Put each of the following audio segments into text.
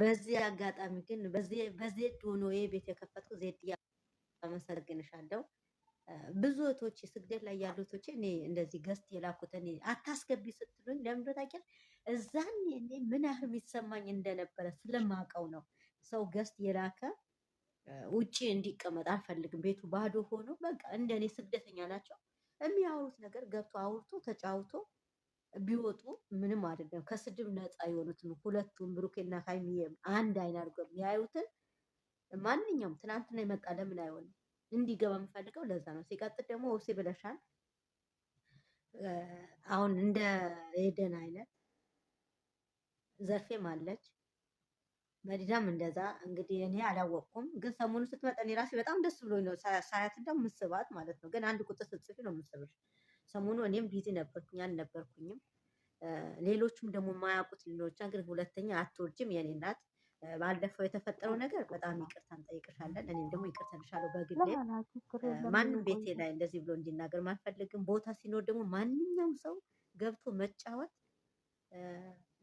በዚህ አጋጣሚ ግን በዜድ ሆኖ ቤት የከፈትኩ ዜድ አመሰግንሻለሁ። ብዙ እህቶቼ ስግደት ላይ ያሉ እህቶቼ እኔ እንደዚህ ገዝት የላኩት እኔ አታስገቢ ስትሉኝ ለምዶ ታውቂያለሽ፣ እዛን እኔ ምን ያህል የሚሰማኝ እንደነበረ ስለማውቀው ነው። ሰው ገዝት የላከ ውጭ እንዲቀመጥ አልፈልግም። ቤቱ ባዶ ሆኖ በቃ እንደኔ ስግደተኛ ናቸው። የሚያወሩት ነገር ገብቶ አውርቶ ተጫውቶ ቢወጡ ምንም አይደለም። ከስድብ ነፃ የሆኑትን ሁለቱም ብሩኬና ሀይሚዬም አንድ አይን አድርገው የሚያዩትን ማንኛውም ትናንትና የመጣ ለምን አይሆንም? እንዲገባ የምፈልገው ለዛ ነው። ሲቀጥል ደግሞ ወሴ ብለሻል። አሁን እንደ ኤደን አይነት ዘርፌም አለች መዲዳም እንደዛ። እንግዲህ እኔ አላወቅኩም፣ ግን ሰሞኑን ስትመጣ እኔ እራሴ በጣም ደስ ብሎኝ ነው ሳያት፣ እንደው ምስባት ማለት ነው። ግን አንድ ቁጥር ስትጽፊ ነው የምስብሽ ሰሞኑ እኔም ቢዚ ነበርኩኝ አልነበርኩኝም። ሌሎችም ደግሞ የማያውቁት ሌሎች እንግዲህ ሁለተኛ አትወርጅም የኔ እናት ባለፈው የተፈጠረው ነገር በጣም ይቅርታ እንጠይቅሻለን። እኔም ደግሞ ይቅርታ ልሻለሁ። በግሌ ማንም ቤቴ ላይ እንደዚህ ብሎ እንዲናገር ማንፈልግም። ቦታ ሲኖር ደግሞ ማንኛውም ሰው ገብቶ መጫወት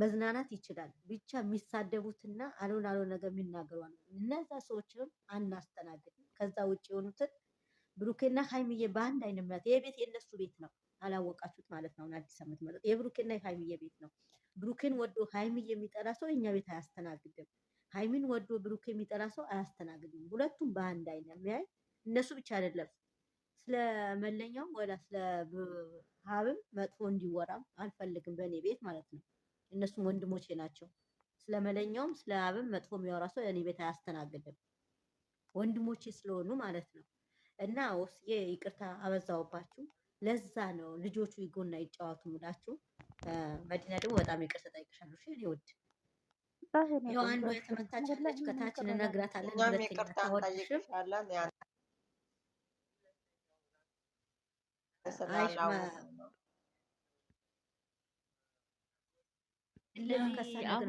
መዝናናት ይችላል። ብቻ የሚሳደቡትና አልሆን አልሆን ነገር የሚናገሩ እነዛ ሰዎችንም አናስተናግድም። ከዛ ውጭ የሆኑትን ብሩኬና ሀይሚዬ በአንድ አይነት ምናት ይሄ ቤት የእነሱ ቤት ነው። አላወቃችሁት ማለት ነው። አዲስ አመት መጣ። የብሩኬና የሀይሚዬ ቤት ነው። ብሩኬን ወዶ ሀይሚዬ የሚጠራ ሰው እኛ ቤት አያስተናግድም። ሀይሚን ወዶ ብሩኬ የሚጠራ ሰው አያስተናግድም። ሁለቱም በአንድ አይነት የሚያይ እነሱ ብቻ አይደለም። ስለመለኛው ወላ ስለ ሀብም መጥፎ እንዲወራም አልፈልግም በእኔ ቤት ማለት ነው። እነሱም ወንድሞቼ ናቸው። ስለመለኛውም ስለ ሀብም መጥፎ የሚያወራ ሰው እኔ ቤት አያስተናግድም። ወንድሞቼ ስለሆኑ ማለት ነው። እና ወስዬ ይቅርታ አበዛውባችሁ። ለዛ ነው ልጆቹ ይጎና ይጫወቱ ሙላችሁ። መዲና ደግሞ በጣም ይቅርታ ጠይቅሻለሁ። እሺ እኔ ውድ ያው አንዷ የተመታችለች ከታች እንነግራታለን። ሁለተኛ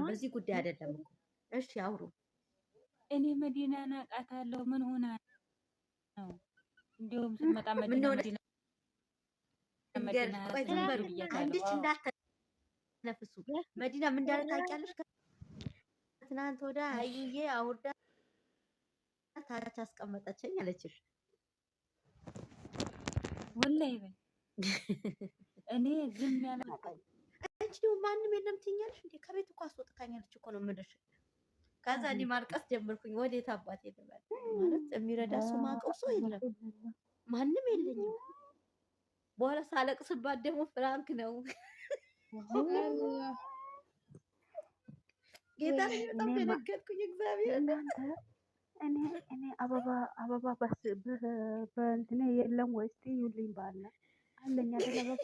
በዚህ ጉዳይ አይደለም እሺ አውሩ። እኔ መዲናን አውቃታለሁ። ምን ሆና ነው እንዲሁም ስትመጣ አንዲች እንዳትነፍሱ መዲና ምን እንዳለ ታውቂያለሽ? ከትናንት ወዲያ አዩዬ አውርዳ ታች አስቀመጠችኝ አለችሽ። ወላሂ በይ እኔ ዝም ያለ አንቺ ደግሞ ማንም የለም ትይኛለሽ። ከቤት እኮ አስወጥታኛለች እኮ ነው የምልሽ ከዛ እኔ ማልቀስ ጀመርኩኝ። ወዴት አባቴ ልበል? ማለት የሚረዳ ሰው ማቀው ሰው የለም፣ ማንም የለኝም። በኋላ ሳለቅስባት ደግሞ ፍራንክ ነው ጌታ በጣም ደነገጥኩኝ። እግዚአብሔር እኔ እኔ አበባ አበባ በእንትኔ የለም ወይስ ይዩልኝ ባለ አለኛ አበባ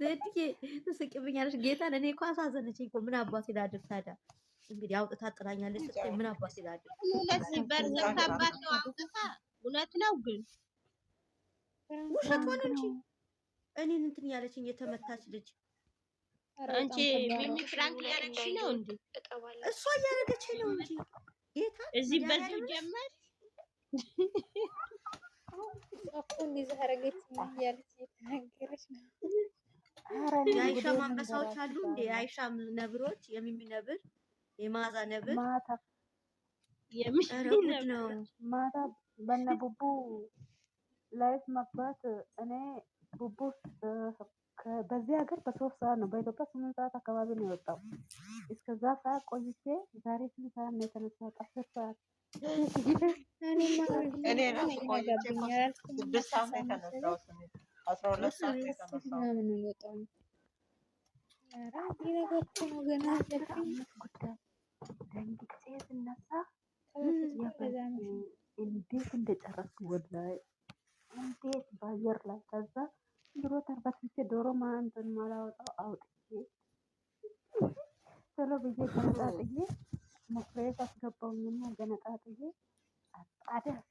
ዘድዬ ትስቂብኛለሽ። ጌታ እኔ እኮ አሳዘነችኝ እኮ ምን አባቴ ላድርግ ታዲያ? እንግዲህ አውጥታ ጥላኛለች ስትይ ምን አባቴ ላድርግ? ነበር ዘብታባት ነው አውጥታ። እውነት ነው ግን ውሸት ሆነ እንጂ እኔን እንትን ያለችኝ የተመታች ልጅ አንቺ ሚሚ ፍራንክ ያረግሽ ነው እንዴ? እሷ እያረገች ነው እንጂ ጌታ እዚህ በዚህ ጀመር አሁን ይዘህ ረገች ያለች የተናገረች ነው የአይሻ ማንቀሳዎች አሉ እንደ የአይሻ ነብሮች፣ የሚሚ ነብር፣ የማዛ ነብር ማታ በነ ቡቡ ላይፍ መግባት እኔ ቡቡ በዚህ ሀገር በሶስት ሰዓት ነው በኢትዮጵያ ስምንት ሰዓት አካባቢ ነው የወጣው። እስከዛ ሰዓት ቆይቼ ዛሬ ስንት ሰዓት ነው የተነሳው? አስር ሰዓት እኔ ነው ቆይቼ ስድስት ሰዓት ነው የተነሳው። እንዴት እንደጨረስኩ ወላሂ እንዴት በአየር ላይ ከዛ ድሮ ተርበትቼ ዶሮ ማንትን ማላወጣው አውጥቼ ቶሎ ብዬ ገነጣጥዬ መኩሬት አስገባውኝና ገነጣጥዬ አጣዳፊ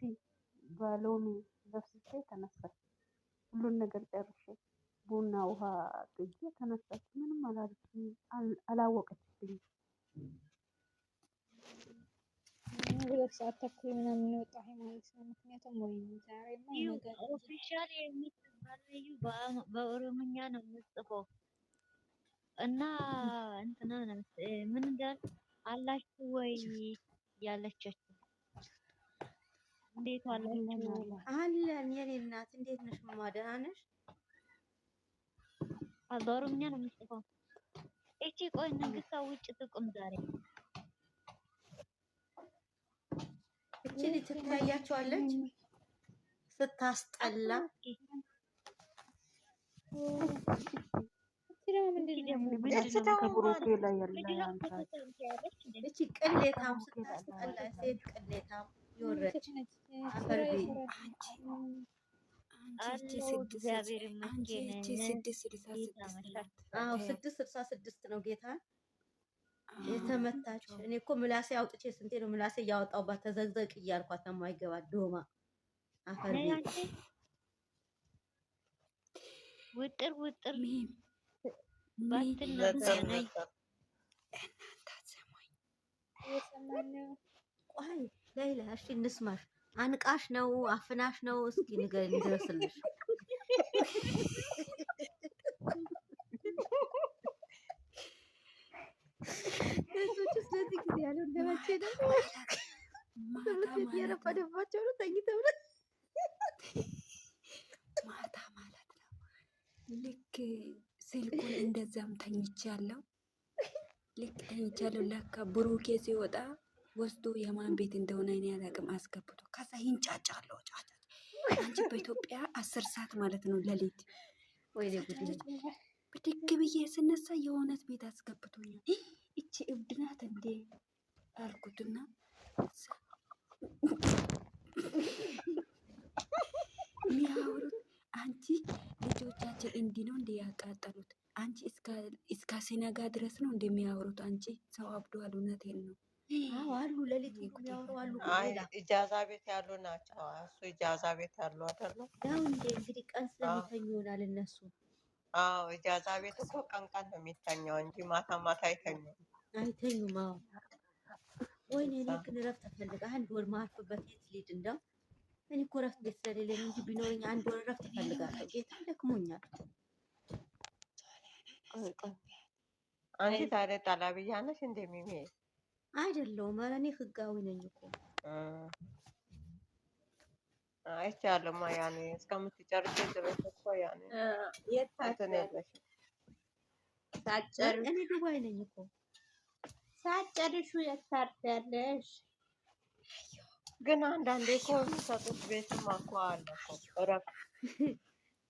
በሎሚ ለብስቼ ተነሳሁ። ሁሉን ነገር ጨርሼ ቡና ውሃ ግዜ ተነሳች። ምንም አላለችኝ፣ አላወቀችብኝም። ሁለት ሰዓት ተኩል ምናምን ማለት ነው። ምክንያቱም ኦፊሻል በኦሮምኛ ነው የምጽፈው እና እንትና ምን እንዳል አላችሁ ወይ ያለቻችሁ እንዴት አላችሁ? አለን የኔ እናት፣ እንዴት ነሽ? እማማ ደህና ነሽ? አዛሩኛ ነው የምትጽፈው። እቺ ቆይ ንግስቷ ውጭ ትቁም ዛሬ። እቺ ልጅ ትታያቸዋለች ስታስጠላ። እቺ ቅሌታም ስታስጠላ፣ ሴት ቅሌታም ስድስት ስልሳ ስድስት ነው ጌታ የተመታች። እኔ እኮ ምላሴ አውጥቼ ስንቴ ነው ምላሴ እያወጣሁባት ተዘግዘቅ እያልኳት የማይገባ ዶማ አፈር ውጥር ውጥር ባትናናይ ላይላ እሺ፣ እንስማሽ። አንቃሽ ነው አፍናሽ ነው? እስኪ ንገሪ፣ ስለዚህ ጊዜ ያለው እንደመቼ ደግሞ ትምህርት ነው ተኝተው ነው ማታ ማለት ነው። ልክ ስልኩን እንደዛም ተኝቻለሁ፣ ልክ ተኝቻለሁ። ለካ ብሩኬ ሲወጣ ወስዶ የማን ቤት እንደሆነ እኔ አላቅም። አስገብቶ ከዛ ይንጫጫ አለው ጫጫ። አንቺ በኢትዮጵያ አስር ሰዓት ማለት ነው ሌሊት ብድግ ብዬ ስነሳ የእውነት ቤት አስገብቶኛል። እቺ እብድ ናት እንዴ አልኩትና ሚያወሩት አንቺ ልጆቻችን እንዲ ነው እንዴ ያቃጠሉት አንቺ እስከ ሲነጋ ድረስ ነው እንደሚያወሩት። አንቺ ሰው አብዶ አልሆነት ነው። አሉ ለሊት ያወራዋሉ። ኢጃዛ ቤት ያሉ ናቸው። እሱ ኢጃዛ ቤት ያሉ አይደለም። ያው እንደ እንግዲህ ቀን ስለሚተኙ ይሆናል እነሱ። አዎ ኢጃዛ ቤት እኮ ቀን ቀን ነው የሚተኛው እንጂ ማታ ማታ አይተኙም፣ አይተኙም። አዎ ወይኔ እኔ ግን እረፍት እፈልግ አንድ ወር ማርፍበት ቤት ልሂድ። እንደው እኔ እኮ እረፍት ቤት ስለሌለኝ እንጂ ቢኖረኝ አንድ ወር እረፍት እፈልጋለሁ። ጌታ ደክሞኛል። አንቺ ታዲያ ጣላብያ ነሽ እንደሚሜ አይደለሁም። ኧረ እኔ ህጋዊ ነኝ እኮ አይቻልም። ያኔ እስከምትጨርሽ ድረስ እኮ ያኔ ሳጨርሽ እኔ ዱባይ ነኝ እኮ ሳጨርሹ የታርዳለሽ። ግን አንዳንዴ እኮ የሚሰጡት ቤትም እኮ አለ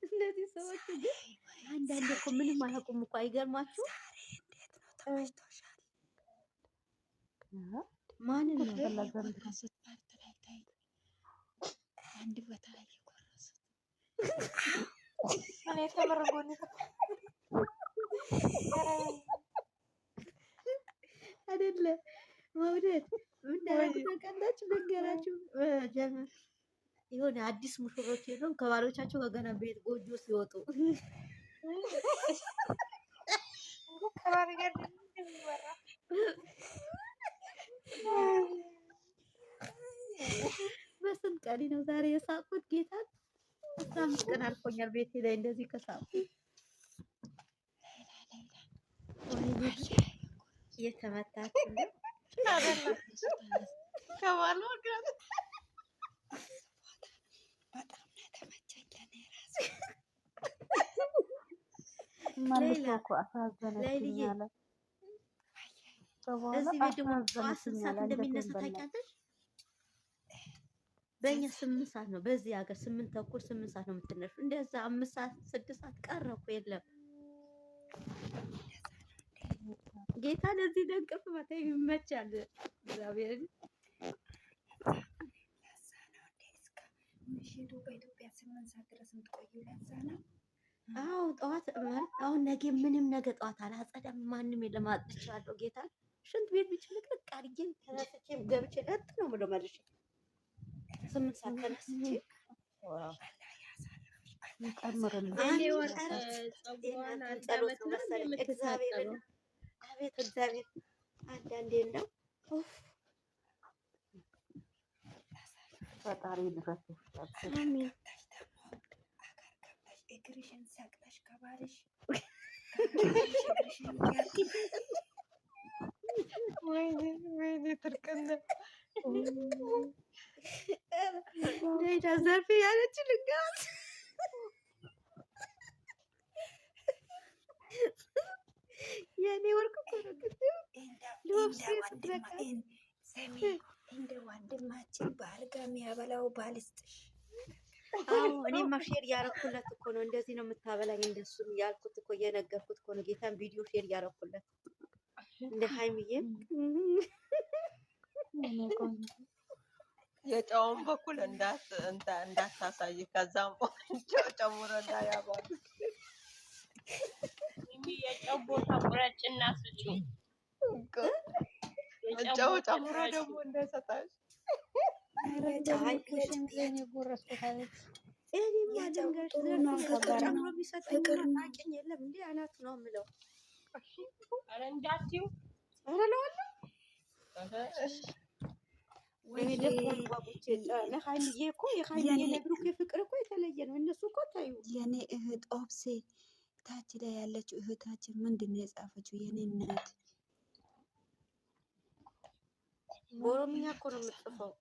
እነዚህ ሰዎች ግን አንዳንዴ እኮ ምንም አያውቁም እኮ አይገርማችሁ ማንን ነው የቆረሱት? አንድ ቦታ ላይ የቆረሱት እኔ ተመርጎን አይደለ መውደድ ምን ነገራችሁ የሆነ አዲስ ሙሽሮች የሉም ከባሎቻቸው ከገና ቤት ጎጆ ሲወጡ በስንት ቀኔ ነው ዛሬ የሳቁት? ጌታ አስራ አምስት ቀን አልፎኛል ቤቴ ላይ እንደዚህ ከሳቁ እየተመታች ነው ጋር ሌላ እዚህ ቤት ደግሞ ጠዋት ሰዓት እንደሚነሳ ታውቂያለሽ? በእኛ ስምንት ሰዓት ነው። በዚህ ሀገር ስምንት ተኩል ስምንት ሰዓት ነው የምትነሹ። እንደዛ አምስት ሰዓት ስድስት ሰዓት የለም ጌታ ለዚህ ደንቅፍ ማታ ይመቻል። እግዚአብሔር አዎ ጠዋት አሁን ነገ ምንም ነገ ጠዋት አላጸዳም። ማንም የለም አጥቻለሁ። ጌታ ሽንት ቤት ብጭንቅንቅ አድርጌ ተነስቼ ገብቼ ለጥ ነው ብሎ መልሽ ስምንት ሰዓት ተነስቼ እግርሽን ሰቅለሽ ከባልሽ ወይኔ ወይኔ ትርቅና ሌዳ ዘርፌ ያለች ልጋት የኔ ወርቅ እንደ ወንድማችን በአልጋ ጋር የሚያበላው ባል ይስጥሽ። አዎ እኔማ ሼር እያረኩለት እኮ ነው። እንደዚህ ነው የምታበላኝ እንደሱ ያልኩት እኮ እየነገርኩት እኮ ነው። ጌታን ቪዲዮ ሼር እያረኩለት እንደ ሀይሚዬም የጨውን በኩል እንዳታሳይ ከዛም ጨው ጨምሮ እንዳያባሉ የጨው ቦታ ቁረጭ እና ስጪው። ጨው ጨምሮ ደግሞ እንዳይሰጣሽ ነው የምለው። ለሀይሚዬ እኮ የሀይሚዬ ነብሩክ የፍቅር እኮ የተለየ ነው። እነሱ እኮ የኔ እህት ኦብሴ ታች ላይ ያለችው እህታችን ምንድን ነው የጻፈችው? የኔ እናት ኦሮምኛ እኮ ነው የምጽፈው።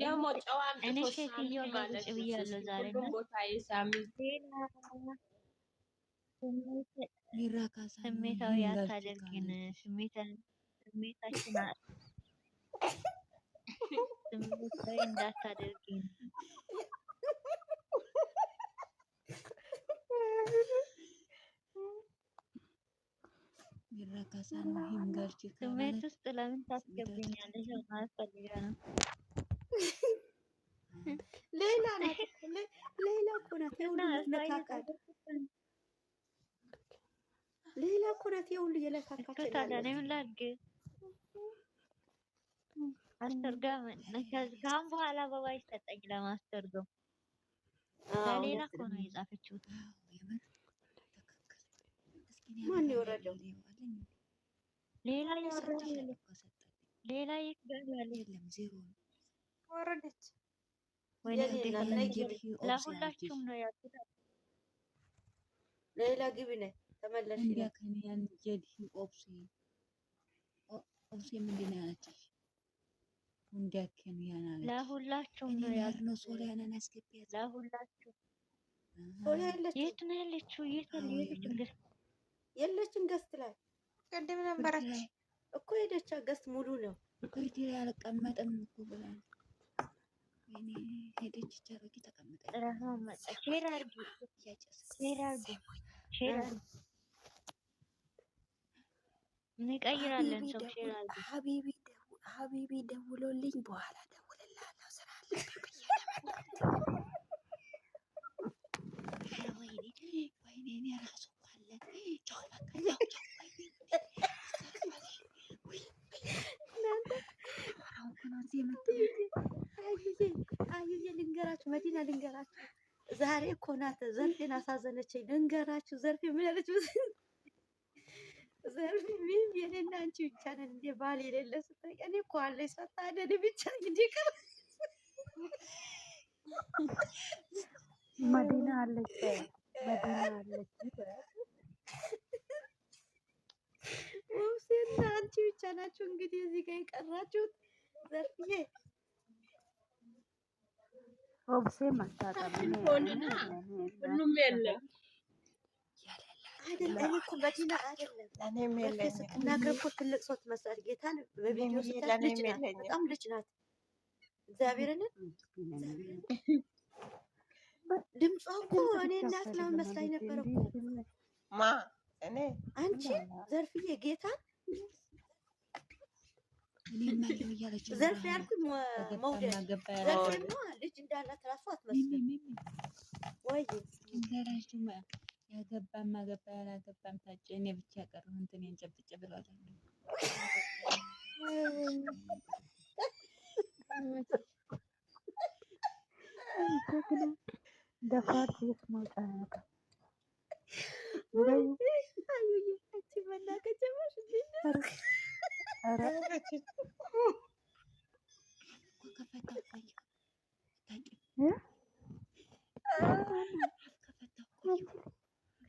ደግሞ ጨዋን ቶሻ ማለት ነው። ስሜታዊ አታድርጊን። ስሜታችን ስሜታዊ እንዳታደርጊን። ስሜት ውስጥ ለምን ታስገብኛለሽ? ማለት ነው። ሌላ ናት፣ ሌላ እኮ ናት። ሌላ እኮ ናት። ይሄ ሁሉ እየለካካችን ታዲያ ነው ምላግ አስተርጋም ከዚህም በኋላ አበባ ይሰጠኝ ለማስተርገም ሌላ እኮ ነው የጻፈችው። ማን የወረደው ሌላ ሌላ ወረደች። ለሁላችሁም ነው ያልኩት። ሌላ ግቢ ነኝ ተመለሽ ከኔያን ጀዲ ኦብሴ ኦብሴ ምንድን ነው ያለችሽ? እንዲያ ከኔያን አለች። ለሁላችሁም ነው ሶሊያናን ያስገቢያት ለሁላችሁ። የት ነው ያለችው? የት ነው የለችም? ገስት የለችም። ገስት ላይ ቅድም ነበረች እኮ ሄደች። ገስት ሙሉ ነው ኮሪቴ ላይ አልቀመጥም እኮ ብላለች። ሄደች ተቀምጠ ሼር አድርጊ ሼር አድርጊ ሼር አድርጊ እንቀይራለን። ሰው ሀቢቢ ደውሎልኝ በኋላ ደውልላለሁ ስራ ልንገራችሁ፣ መዲና ልንገራችሁ፣ ዛሬ እኮ ናት ዘርፌን አሳዘነችኝ። ልንገራችሁ ዘርፌ ምን ያለች ዘር ምንም የኔና አንቺ ብቻ ነን እንደ ባል የሌለ ስታውቂ፣ እኔ እኮ አለኝ ሳታደድ ብቻ እንግዲህ ቀር መዲና አለች፣ መዲና አለች። ወብሴና አንቺ ብቻ ናችሁ እንግዲህ እዚህ ጋር የቀራችሁት። ዘርፍዬ ወብሴ ማስታጠብ ሁሉም የለም ትልቅ ሰው ትመስላለች። ጌታን በቪዲዮ በጣም ልጅ ናት። እግዚአብሔርን ድምጿ እኮ እኔ እናት ምናምን መስላኝ ነበረ እኮ አንቺ ዘርፍዬ ጌታን ዘርፍ ያልኩኝ መውደድ ልጅ እንዳላት እራሱ አትመስልም ወይ ያገባም አገባ ያላገባም ታጭ እኔ ብቻ ቀረሁ እንትን ጨብጭ ብሏታል። ደፋር ሴት መውጫ ያውቃል።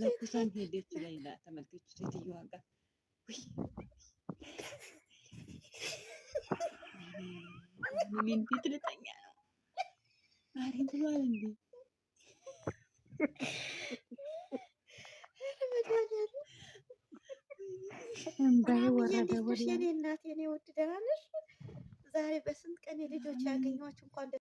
ለኩሳን ሄደች ላይ ላ ተመልከች ሴትዮዋ ጋር ምን እንዴት ልጠኛ ነው አሪ ብሏል እንዴ እምባዬ ወረደ ወደ እናቴ ነው። ደህና ነሽ? ዛሬ በስንት ቀን የልጆች ያገኘኋቸው እንኳን